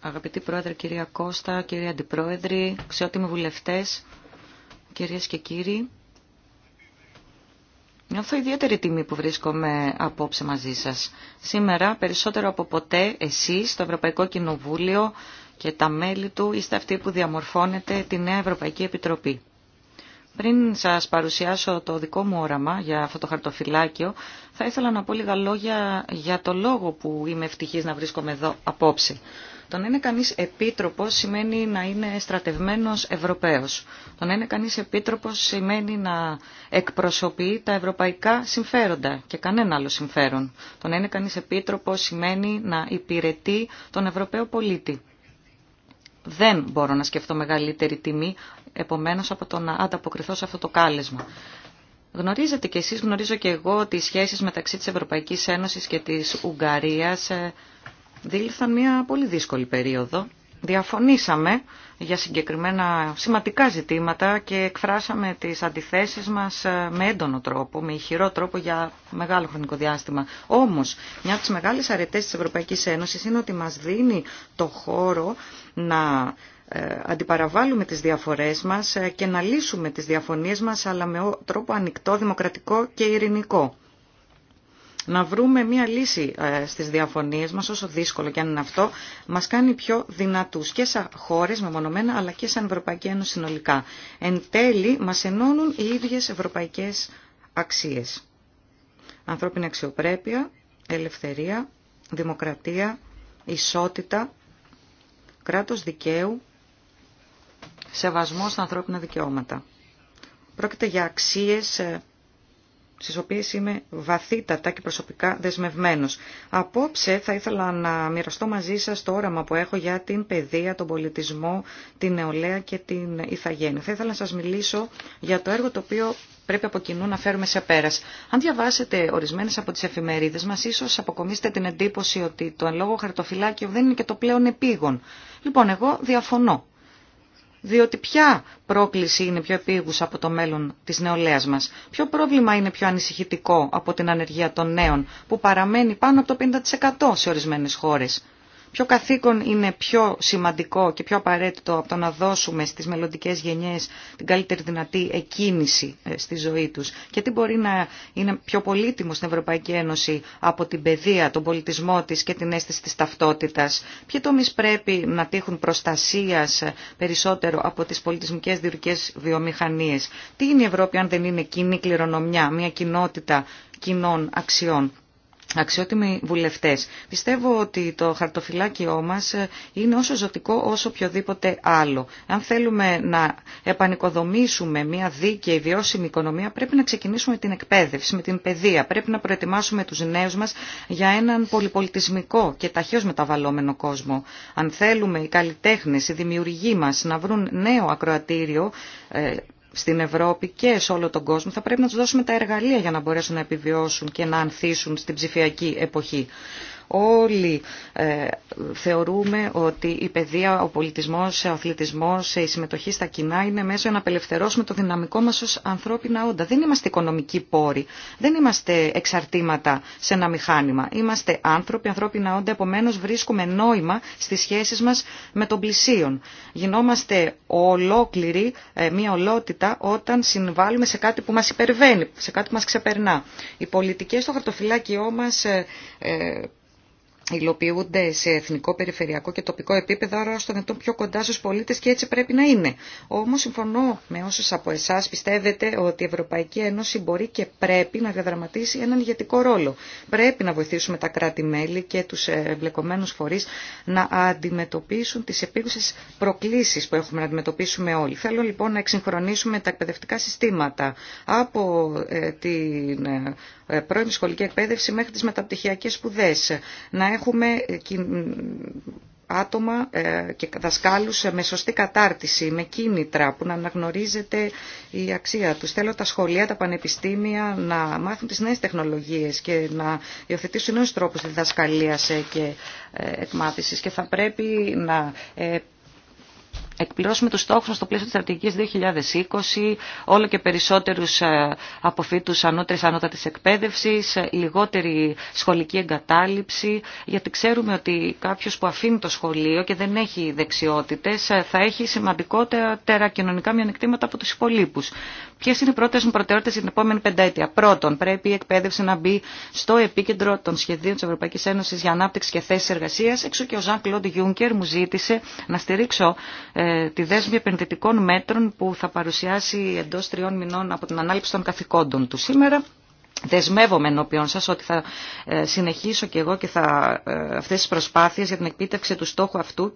Αγαπητή Πρόεδρε, κυρία Κώστα, κυρία Αντιπρόεδρε, αξιότιμοι βουλευτές, κυρίες και κύριοι, νιώθω ιδιαίτερη τιμή που βρίσκομαι απόψε μαζί σας. Σήμερα, περισσότερο από ποτέ, εσείς, το Ευρωπαϊκό Κοινοβούλιο και τα μέλη του, είστε αυτοί που διαμορφώνετε τη Νέα Ευρωπαϊκή Επιτροπή. Πριν σας παρουσιάσω το δικό μου όραμα για αυτό το χαρτοφυλάκιο, θα ήθελα να πω λίγα λόγια για το λόγο που είμαι ευτυχής να βρίσκομαι εδώ απόψε. Το να είναι κανείς επίτροπος σημαίνει να είναι στρατευμένος Ευρωπαίος. Το να είναι κανείς επίτροπος σημαίνει να εκπροσωπεί τα ευρωπαϊκά συμφέροντα και κανένα άλλο συμφέρον. Το να είναι κανείς επίτροπο σημαίνει να υπηρετεί τον Ευρωπαίο πολίτη δεν μπορώ να σκεφτώ μεγαλύτερη τιμή, επομένως από το να ανταποκριθώ σε αυτό το κάλεσμα. Γνωρίζετε και εσείς, γνωρίζω και εγώ, ότι οι σχέσεις μεταξύ της Ευρωπαϊκής Ένωσης και της Ουγγαρίας ε, δήλθαν μια πολύ δύσκολη περίοδο. Διαφωνήσαμε για συγκεκριμένα σημαντικά ζητήματα και εκφράσαμε τις αντιθέσεις μας ε, με έντονο τρόπο, με ηχηρό τρόπο για μεγάλο χρονικό διάστημα. Όμως, μια από τις μεγάλες αρετές της Ευρωπαϊκής Ένωσης είναι ότι μας δίνει το χώρο να ε, αντιπαραβάλλουμε τις διαφορές μας ε, και να λύσουμε τις διαφωνίες μας, αλλά με τρόπο ανοιχτό, δημοκρατικό και ειρηνικό να βρούμε μια λύση ε, στις διαφωνίες μας, όσο δύσκολο και αν είναι αυτό, μας κάνει πιο δυνατούς και σαν χώρες μεμονωμένα, αλλά και σαν Ευρωπαϊκή Ένωση συνολικά. Εν τέλει, μας ενώνουν οι ίδιες ευρωπαϊκές αξίες. Ανθρώπινη αξιοπρέπεια, ελευθερία, δημοκρατία, ισότητα, κράτος δικαίου, σεβασμός στα ανθρώπινα δικαιώματα. Πρόκειται για αξίες ε, στις οποίες είμαι βαθύτατα και προσωπικά δεσμευμένος. Απόψε θα ήθελα να μοιραστώ μαζί σας το όραμα που έχω για την παιδεία, τον πολιτισμό, την νεολαία και την ηθαγένεια. Θα ήθελα να σας μιλήσω για το έργο το οποίο πρέπει από κοινού να φέρουμε σε πέρας. Αν διαβάσετε ορισμένες από τις εφημερίδες μας, ίσως αποκομίσετε την εντύπωση ότι το λόγο χαρτοφυλάκιο δεν είναι και το πλέον επίγον. Λοιπόν, εγώ διαφωνώ. Διότι ποια πρόκληση είναι πιο επίγουσα από το μέλλον της νεολαίας μας. Ποιο πρόβλημα είναι πιο ανησυχητικό από την ανεργία των νέων που παραμένει πάνω από το 50% σε ορισμένες χώρες. Ποιο καθήκον είναι πιο σημαντικό και πιο απαραίτητο από το να δώσουμε στις μελλοντικέ γενιές την καλύτερη δυνατή εκκίνηση ε, στη ζωή τους και τι μπορεί να είναι πιο πολύτιμο στην Ευρωπαϊκή Ένωση από την παιδεία, τον πολιτισμό της και την αίσθηση της ταυτότητας. Ποιοι τομείς πρέπει να τύχουν προστασίας ε, περισσότερο από τις πολιτισμικές διουρικές βιομηχανίες. Τι είναι η Ευρώπη αν δεν είναι κοινή κληρονομιά, μια κοινότητα κοινών αξιών. Αξιότιμοι βουλευτές, πιστεύω ότι το χαρτοφυλάκιό μας ε, είναι όσο ζωτικό όσο οποιοδήποτε άλλο. Αν θέλουμε να επανοικοδομήσουμε μια δίκαιη βιώσιμη οικονομία πρέπει να ξεκινήσουμε την εκπαίδευση, με την παιδεία. Πρέπει να προετοιμάσουμε τους νέους μας για έναν πολυπολιτισμικό και ταχαίως μεταβαλλόμενο κόσμο. Αν θέλουμε οι καλλιτέχνες, οι δημιουργοί μας να βρουν νέο ακροατήριο ε, στην Ευρώπη και σε όλο τον κόσμο, θα πρέπει να του δώσουμε τα εργαλεία για να μπορέσουν να επιβιώσουν και να ανθίσουν στην ψηφιακή εποχή. Όλοι ε, θεωρούμε ότι η παιδεία, ο πολιτισμός, ο αθλητισμός, η συμμετοχή στα κοινά είναι μέσω να απελευθερώσουμε το δυναμικό μας ως ανθρώπινα όντα. Δεν είμαστε οικονομικοί πόροι, δεν είμαστε εξαρτήματα σε ένα μηχάνημα. Είμαστε άνθρωποι, ανθρώπινα όντα, επομένως βρίσκουμε νόημα στις σχέσεις μας με τον πλησίον. Γινόμαστε ολόκληροι, ε, μια ολότητα, όταν συμβάλλουμε σε κάτι που μας υπερβαίνει, σε κάτι που μας ξεπερνά. Οι πολιτικές στο χαρτοφυλάκιό μας ε, υλοποιούνται σε εθνικό, περιφερειακό και τοπικό επίπεδο, άρα ώστε να πιο κοντά στους πολίτες και έτσι πρέπει να είναι. Όμως συμφωνώ με όσους από εσάς πιστεύετε ότι η Ευρωπαϊκή Ένωση μπορεί και πρέπει να διαδραματίσει έναν ηγετικό ρόλο. Πρέπει να βοηθήσουμε τα κράτη-μέλη και τους εμπλεκομένους φορείς να αντιμετωπίσουν τις επίγουσες προκλήσεις που έχουμε να αντιμετωπίσουμε όλοι. Θέλω λοιπόν να εξυγχρονίσουμε τα εκπαιδευτικά συστήματα από ε, την ε, Πρώην σχολική εκπαίδευση μέχρι τις μεταπτυχιακές σπουδές. Να έχουμε ε, άτομα ε, και δασκάλους ε, με σωστή κατάρτιση, με κίνητρα που να αναγνωρίζεται η αξία τους. Θέλω τα σχολεία, τα πανεπιστήμια να μάθουν τις νέες τεχνολογίες και να υιοθετήσουν νέους τρόπους διδασκαλίας και εκμάθησης και θα πρέπει να εκπληρώσουμε τους στόχους στο πλαίσιο της στρατηγικής 2020, όλο και περισσότερους ε, αποφύτους ανώτερης ανώτατης εκπαίδευσης, ε, λιγότερη σχολική εγκατάλειψη, γιατί ξέρουμε ότι κάποιος που αφήνει το σχολείο και δεν έχει δεξιότητες ε, θα έχει σημαντικότερα κοινωνικά μειονεκτήματα από τους υπολείπους. Ποιε είναι οι πρώτε μου προτεραιότητε για την επόμενη πενταετία. Πρώτον, πρέπει η εκπαίδευση να μπει στο επίκεντρο των σχεδίων τη Ευρωπαϊκή Ένωση για ανάπτυξη και θέσει εργασία. και ο Ζαν Κλοντ μου ζήτησε να στηρίξω τη δέσμη επενδυτικών μέτρων που θα παρουσιάσει εντός τριών μηνών από την ανάληψη των καθηκόντων του σήμερα. Δεσμεύομαι ενώπιον σας ότι θα ε, συνεχίσω και εγώ και θα, ε, αυτές τις προσπάθειες για την επίτευξη του στόχου αυτού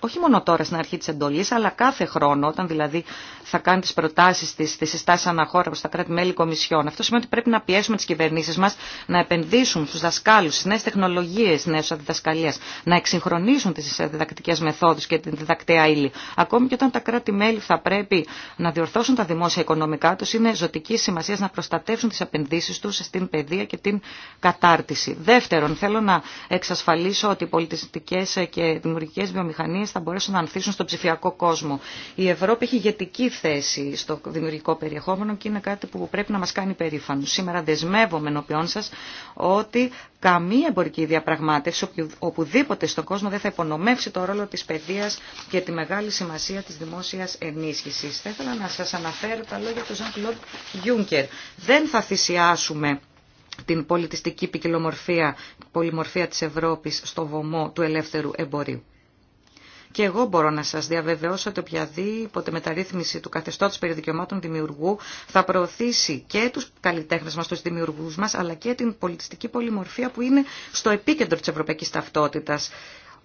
όχι μόνο τώρα στην αρχή της εντολής, αλλά κάθε χρόνο, όταν δηλαδή θα κάνει τις προτάσεις της, τις συστάσεις αναχώρα προς τα κράτη-μέλη κομισιών. Αυτό σημαίνει ότι πρέπει να πιέσουμε τις κυβερνήσεις μας να επενδύσουν στους δασκάλους, στις νέες τεχνολογίες, στις νέες διδασκαλίες να εξυγχρονίσουν τις διδακτικές μεθόδους και την διδακτέα ύλη. Ακόμη και όταν τα κράτη-μέλη θα πρέπει να διορθώσουν τα δημόσια οικονομικά τους, είναι ζωτική σημασία να προστατεύσουν τις επενδύσεις τους στην παιδεία και την κατάρτιση. Δεύτερον, θέλω να εξασφαλίσω ότι οι πολιτιστικές και δημιουργικές βιομηχανίες θα μπορέσουν να ανθίσουν στον ψηφιακό κόσμο. Η Ευρώπη έχει ηγετική θέση στο δημιουργικό περιεχόμενο και είναι κάτι που πρέπει να μας κάνει περήφανο. Σήμερα δεσμεύομαι ενώπιόν σας ότι καμία εμπορική διαπραγμάτευση οπουδήποτε στον κόσμο δεν θα υπονομεύσει το ρόλο της παιδείας και τη μεγάλη σημασία της δημόσιας ενίσχυσης. Θα ήθελα να σας αναφέρω τα λόγια του Jean-Claude Juncker. Δεν θα θυσιάσουμε την πολιτιστική ποικιλομορφία, πολυμορφία της Ευρώπης στο βωμό του ελεύθερου εμπορίου. Και εγώ μπορώ να σας διαβεβαιώσω ότι οποιαδήποτε μεταρρύθμιση του καθεστώτος περί δικαιωμάτων δημιουργού θα προωθήσει και τους καλλιτέχνες μας, του δημιουργούς μας, αλλά και την πολιτιστική πολυμορφία που είναι στο επίκεντρο της ευρωπαϊκής Ταυτότητα.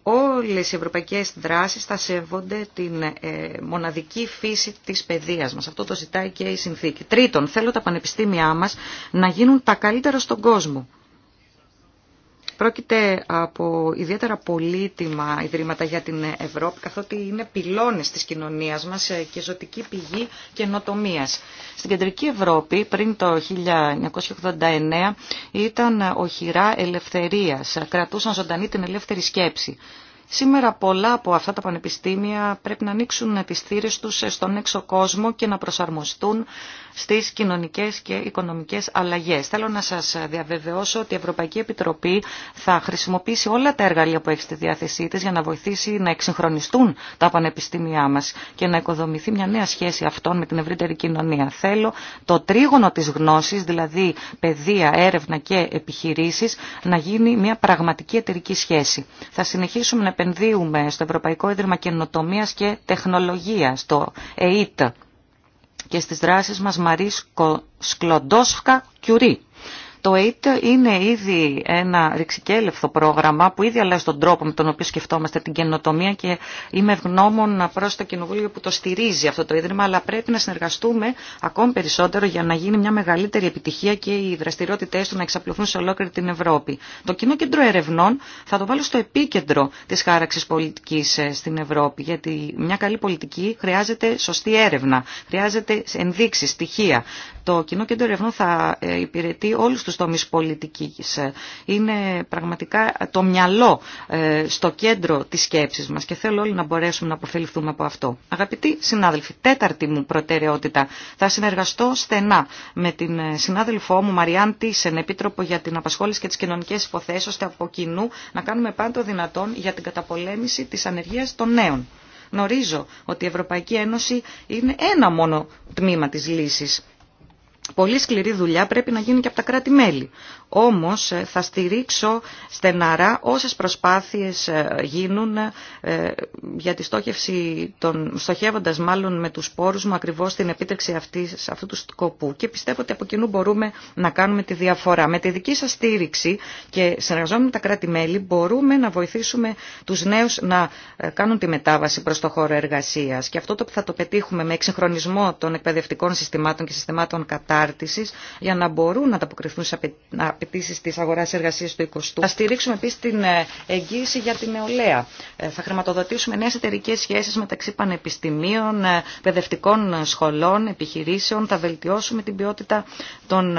Όλες οι ευρωπαϊκές δράσεις θα σέβονται την ε, μοναδική φύση της παιδείας μας. Αυτό το ζητάει και η συνθήκη. Τρίτον, θέλω τα πανεπιστήμια μας να γίνουν τα καλύτερα στον κόσμο. Πρόκειται από ιδιαίτερα πολύτιμα ιδρύματα για την Ευρώπη, καθότι είναι πυλώνες της κοινωνίας μας και ζωτική πηγή καινοτομία. Στην Κεντρική Ευρώπη, πριν το 1989, ήταν οχυρά ελευθερίας, κρατούσαν ζωντανή την ελεύθερη σκέψη. Σήμερα πολλά από αυτά τα πανεπιστήμια πρέπει να ανοίξουν τις θύρες τους στον έξω κόσμο και να προσαρμοστούν στις κοινωνικές και οικονομικές αλλαγές. Θέλω να σας διαβεβαιώσω ότι η Ευρωπαϊκή Επιτροπή θα χρησιμοποιήσει όλα τα εργαλεία που έχει στη διάθεσή της για να βοηθήσει να εξυγχρονιστούν τα πανεπιστήμια μας και να οικοδομηθεί μια νέα σχέση αυτών με την ευρύτερη κοινωνία. Θέλω το τρίγωνο της γνώσης, δηλαδή παιδεία, έρευνα και επιχειρήσεις, να γίνει μια πραγματική εταιρική σχέση. Θα συνεχίσουμε να επενδύουμε στο Ευρωπαϊκό Ίδρυμα καινοτομία και τεχνολογία, το ΕΙΤ και στις δράσεις μας Μαρίς Σκλοντόσφκα Κιουρί. Το ΕΙΤ είναι ήδη ένα ρηξικέλευθο πρόγραμμα που ήδη αλλάζει τον τρόπο με τον οποίο σκεφτόμαστε την καινοτομία και είμαι ευγνώμων προ το Κοινοβούλιο που το στηρίζει αυτό το Ίδρυμα, αλλά πρέπει να συνεργαστούμε ακόμη περισσότερο για να γίνει μια μεγαλύτερη επιτυχία και οι δραστηριότητέ του να εξαπλωθούν σε ολόκληρη την Ευρώπη. Το Κοινό Κέντρο Ερευνών θα το βάλω στο επίκεντρο τη χάραξη πολιτική ε, στην Ευρώπη, γιατί μια καλή πολιτική χρειάζεται σωστή έρευνα, χρειάζεται ενδείξει, στοιχεία. Το Κοινό Κέντρο Ερευνών θα ε, υπηρετεί όλους τους τομείς πολιτικής. Ε, είναι πραγματικά το μυαλό ε, στο κέντρο της σκέψης μας και θέλω όλοι να μπορέσουμε να αποφεληθούμε από αυτό. Αγαπητοί συνάδελφοι, τέταρτη μου προτεραιότητα. Θα συνεργαστώ στενά με την συνάδελφό μου Μαριάν Τίσεν, Επίτροπο για την Απασχόληση και τις Κοινωνικές Υποθέσεις, ώστε από κοινού να κάνουμε πάντο δυνατόν για την καταπολέμηση της ανεργίας των νέων. Γνωρίζω ότι η Ευρωπαϊκή Ένωση είναι ένα μόνο τμήμα της λύσης. Πολύ σκληρή δουλειά πρέπει να γίνει και από τα κράτη-μέλη. Όμως ε, θα στηρίξω στεναρά όσες προσπάθειες ε, γίνουν ε, για τη στόχευση, των, στοχεύοντας μάλλον με τους πόρους μου ακριβώς την επίτευξη αυτής, αυτού του σκοπού. Και πιστεύω ότι από κοινού μπορούμε να κάνουμε τη διαφορά. Με τη δική σας στήριξη και συνεργαζόμενοι με τα κράτη-μέλη μπορούμε να βοηθήσουμε τους νέους να κάνουν τη μετάβαση προς το χώρο εργασίας. Και αυτό το που θα το πετύχουμε με εξυγχρονισμό των εκπαιδευτικών συστημάτων και συστημάτων κατάρτισης για να μπορούν να ανταποκριθούν σε απαιτήσει τη αγορά εργασία του 20. Θα στηρίξουμε επίση την ε, εγγύηση για την νεολαία. Ε, θα χρηματοδοτήσουμε νέε εταιρικέ σχέσει μεταξύ πανεπιστημίων, ε, παιδευτικών σχολών, επιχειρήσεων. Θα βελτιώσουμε την ποιότητα των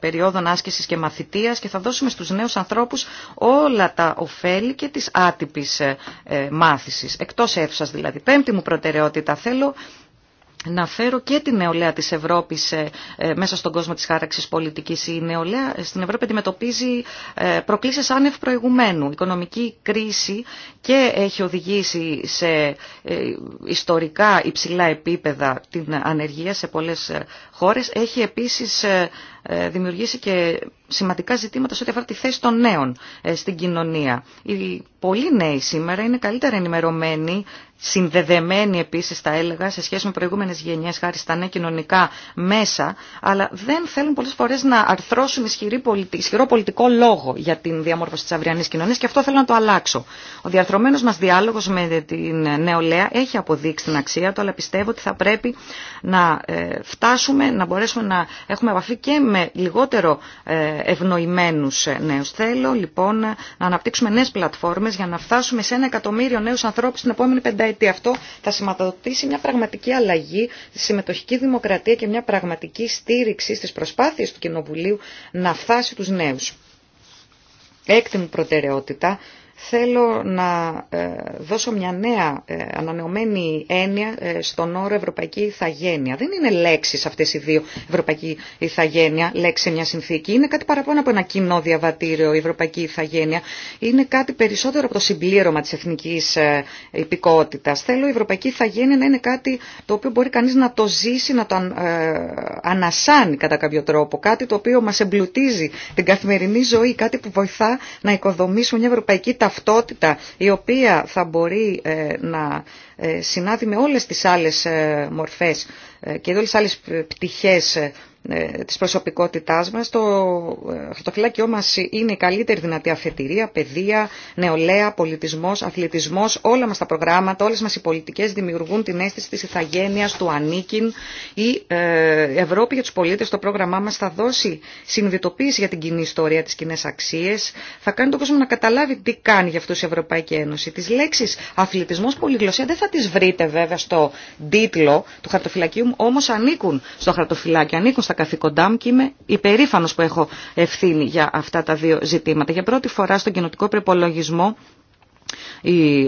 περιόδων άσκηση και μαθητεία και θα δώσουμε στου νέου ανθρώπου όλα τα ωφέλη και τη άτυπη μάθηση. Εκτό αίθουσα δηλαδή. Πέμπτη μου προτεραιότητα θέλω να φέρω και την νεολαία της Ευρώπης ε, ε, μέσα στον κόσμο της χάραξης πολιτικής. Η νεολαία ε, στην Ευρώπη αντιμετωπίζει προκλήσεις άνευ προηγουμένου. Η οικονομική κρίση και έχει οδηγήσει σε ιστορικά υψηλά επίπεδα την ανεργία σε πολλές χώρες. Έχει επίσης ε, δημιουργήσει και σημαντικά ζητήματα σε ό,τι αφορά τη θέση των νέων ε, στην κοινωνία. Οι πολλοί νέοι σήμερα είναι καλύτερα ενημερωμένοι, συνδεδεμένοι επίσης θα έλεγα σε σχέση με προηγούμενες γενιές χάρη στα νέα κοινωνικά μέσα, αλλά δεν θέλουν πολλές φορές να αρθρώσουν ισχυρό πολιτικό λόγο για την διαμόρφωση της αυριανής κοινωνίας και αυτό θέλω να το αλλάξω. Ο διαρθρωμένος μας διάλογος με την νεολαία έχει αποδείξει την αξία του, αλλά πιστεύω ότι θα πρέπει να ε, φτάσουμε, να μπορέσουμε να έχουμε επαφή και με λιγότερο ε, ευνοημένους ε, νέους. Θέλω λοιπόν να αναπτύξουμε νέες πλατφόρμες για να φτάσουμε σε ένα εκατομμύριο νέους ανθρώπους την επόμενη πενταετία. Αυτό θα σηματοδοτήσει μια πραγματική αλλαγή, στη συμμετοχική δημοκρατία και μια πραγματική στήριξη στις προσπάθειες του Κοινοβουλίου να φτάσει τους νέους. Έκτη μου προτεραιότητα θέλω να ε, δώσω μια νέα ε, ανανεωμένη έννοια ε, στον όρο Ευρωπαϊκή Ιθαγένεια. Δεν είναι λέξεις αυτές οι δύο, Ευρωπαϊκή Ιθαγένεια, λέξη μια συνθήκη. Είναι κάτι παραπάνω από ένα κοινό διαβατήριο, η Ευρωπαϊκή Ιθαγένεια. Είναι κάτι περισσότερο από το συμπλήρωμα της εθνικής υπηκότητας. Θέλω η Ευρωπαϊκή Ιθαγένεια να είναι κάτι το οποίο μπορεί κανείς να το ζήσει, να το ανασάνει κατά κάποιο τρόπο. Κάτι το οποίο μας εμπλουτίζει την καθημερινή ζωή, κάτι που βοηθά να οικοδομήσουμε μια ευρωπαϊκή ταυτότητα η οποία θα μπορεί ε, να ε, συνάδει με όλες τις άλλες ε, μορφές και όλες τις άλλες πτυχές ε, της προσωπικότητάς μας. Το χαρτοφυλάκιό ε, μας είναι η καλύτερη δυνατή αφετηρία, παιδεία, νεολαία, πολιτισμός, αθλητισμός, όλα μας τα προγράμματα, όλες μας οι πολιτικές δημιουργούν την αίσθηση της ηθαγένειας, του ανήκειν. Η ε, Ευρώπη για τους πολίτες, το πρόγραμμά μας θα δώσει συνειδητοποίηση για την κοινή ιστορία, τις κοινέ αξίες, θα κάνει τον κόσμο να καταλάβει τι κάνει για αυτούς η Ευρωπαϊκή Ένωση. Τις λέξεις αθλητισμός, πολυγλωσία δεν θα τις βρείτε βέβαια στο τίτλο του χαρτοφυλακίου ανήκουν στο χαρτοφυλάκι, ανήκουν στα καθήκοντά μου και είμαι υπερήφανο που έχω ευθύνη για αυτά τα δύο ζητήματα. Για πρώτη φορά στον κοινοτικό προπολογισμό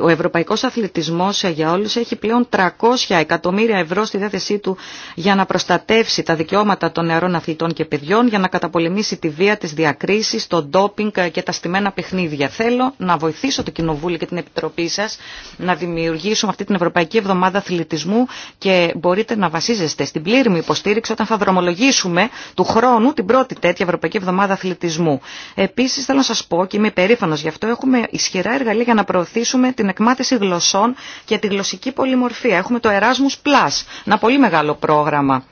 ο ευρωπαϊκός αθλητισμός για όλους έχει πλέον 300 εκατομμύρια ευρώ στη διάθεσή του για να προστατεύσει τα δικαιώματα των νεαρών αθλητών και παιδιών, για να καταπολεμήσει τη βία, τις διακρίσεις, το ντόπινγκ και τα στημένα παιχνίδια. Θέλω να βοηθήσω το Κοινοβούλιο και την Επιτροπή σας να δημιουργήσουμε αυτή την Ευρωπαϊκή Εβδομάδα Αθλητισμού και μπορείτε να βασίζεστε στην πλήρη μου υποστήριξη όταν θα δρομολογήσουμε του χρόνου την πρώτη τέτοια Ευρωπαϊκή Εβδομάδα Αθλητισμού. Επίσης θέλω να σας πω και είμαι περήφανος γι' αυτό έχουμε ισχυρά εργαλεία για να προωθήσουμε την εκμάθηση γλωσσών και τη γλωσσική πολυμορφία. Έχουμε το Erasmus Plus, ένα πολύ μεγάλο πρόγραμμα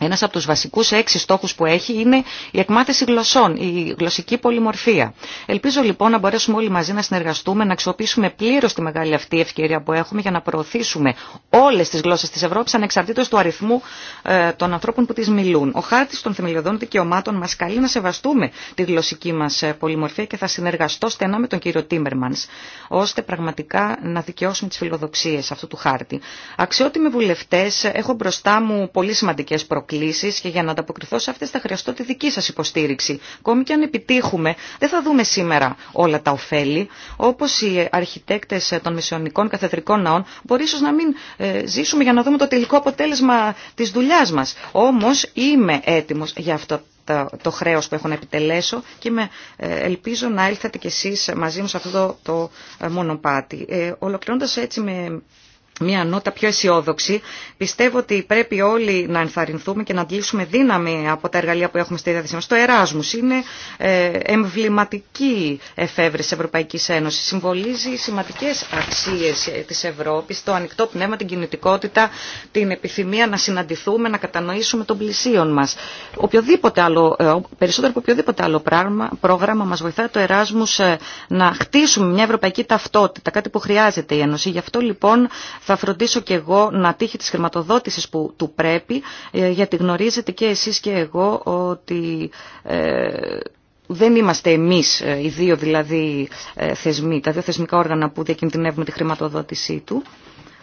ένας από τους βασικούς έξι στόχους που έχει είναι η εκμάθηση γλωσσών, η γλωσσική πολυμορφία. Ελπίζω λοιπόν να μπορέσουμε όλοι μαζί να συνεργαστούμε, να αξιοποιήσουμε πλήρως τη μεγάλη αυτή ευκαιρία που έχουμε για να προωθήσουμε όλες τις γλώσσες της Ευρώπης ανεξαρτήτως του αριθμού ε, των ανθρώπων που τις μιλούν. Ο χάρτης των θεμελιωδών δικαιωμάτων μας καλεί να σεβαστούμε τη γλωσσική μας ε, πολυμορφία και θα συνεργαστώ στενά με τον κύριο Τίμερμαν, ώστε πραγματικά να δικαιώσουμε τις φιλοδοξίες αυτού του χάρτη. Αξιότιμοι βουλευτές, έχω μπροστά μου πολύ σημαντικές προ και για να ανταποκριθώ σε αυτές θα χρειαστώ τη δική σας υποστήριξη. Ακόμη και αν επιτύχουμε, δεν θα δούμε σήμερα όλα τα ωφέλη. Όπως οι αρχιτέκτε των μεσαιωνικών καθεδρικών ναών, μπορεί ίσω να μην ε, ζήσουμε για να δούμε το τελικό αποτέλεσμα της δουλειά μας. Όμως είμαι έτοιμο για αυτό το χρέο που έχω να επιτελέσω και με, ελπίζω να έλθατε κι εσεί μαζί μου σε αυτό το, το μονοπάτι. Ε, έτσι με μια νότα πιο αισιόδοξη. Πιστεύω ότι πρέπει όλοι να ενθαρρυνθούμε και να αντλήσουμε δύναμη από τα εργαλεία που έχουμε στη διάθεσή μα. Το Εράσμου είναι ε, εμβληματική εφεύρεση Ευρωπαϊκή Ένωση. Συμβολίζει σημαντικέ αξίε τη Ευρώπη, το ανοιχτό πνεύμα, την κινητικότητα, την επιθυμία να συναντηθούμε, να κατανοήσουμε τον πλησίον μα. Οποιοδήποτε άλλο, ε, περισσότερο από οποιοδήποτε άλλο πράγμα, πρόγραμμα μα βοηθάει το ε, να χτίσουμε μια ευρωπαϊκή ταυτότητα, κάτι που χρειάζεται η Ένωση. Γι' αυτό λοιπόν θα φροντίσω και εγώ να τύχει της χρηματοδότησης που του πρέπει, ε, γιατί γνωρίζετε και εσείς και εγώ ότι ε, δεν είμαστε εμείς ε, οι δύο δηλαδή θεσμοί, τα δύο θεσμικά όργανα που διακινδυνεύουμε τη χρηματοδότησή του.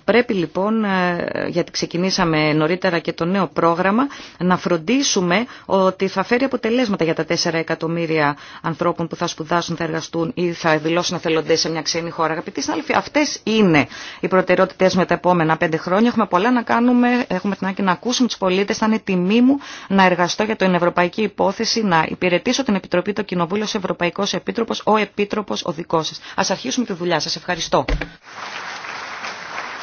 Πρέπει λοιπόν, ε, γιατί ξεκινήσαμε νωρίτερα και το νέο πρόγραμμα, να φροντίσουμε ότι θα φέρει αποτελέσματα για τα 4 εκατομμύρια ανθρώπων που θα σπουδάσουν, θα εργαστούν ή θα δηλώσουν εθελοντέ σε μια ξένη χώρα. Αγαπητοί συνάδελφοι, αυτέ είναι οι προτεραιότητέ με τα επόμενα πέντε χρόνια. Έχουμε πολλά να κάνουμε, έχουμε την άκρη να ακούσουμε του πολίτε. Θα είναι τιμή μου να εργαστώ για την ευρωπαϊκή υπόθεση, να υπηρετήσω την Επιτροπή, το Κοινοβούλιο, Ευρωπαϊκό Επίτροπο, ο Επίτροπο, ο δικό σα. Α αρχίσουμε τη δουλειά σα. Ευχαριστώ.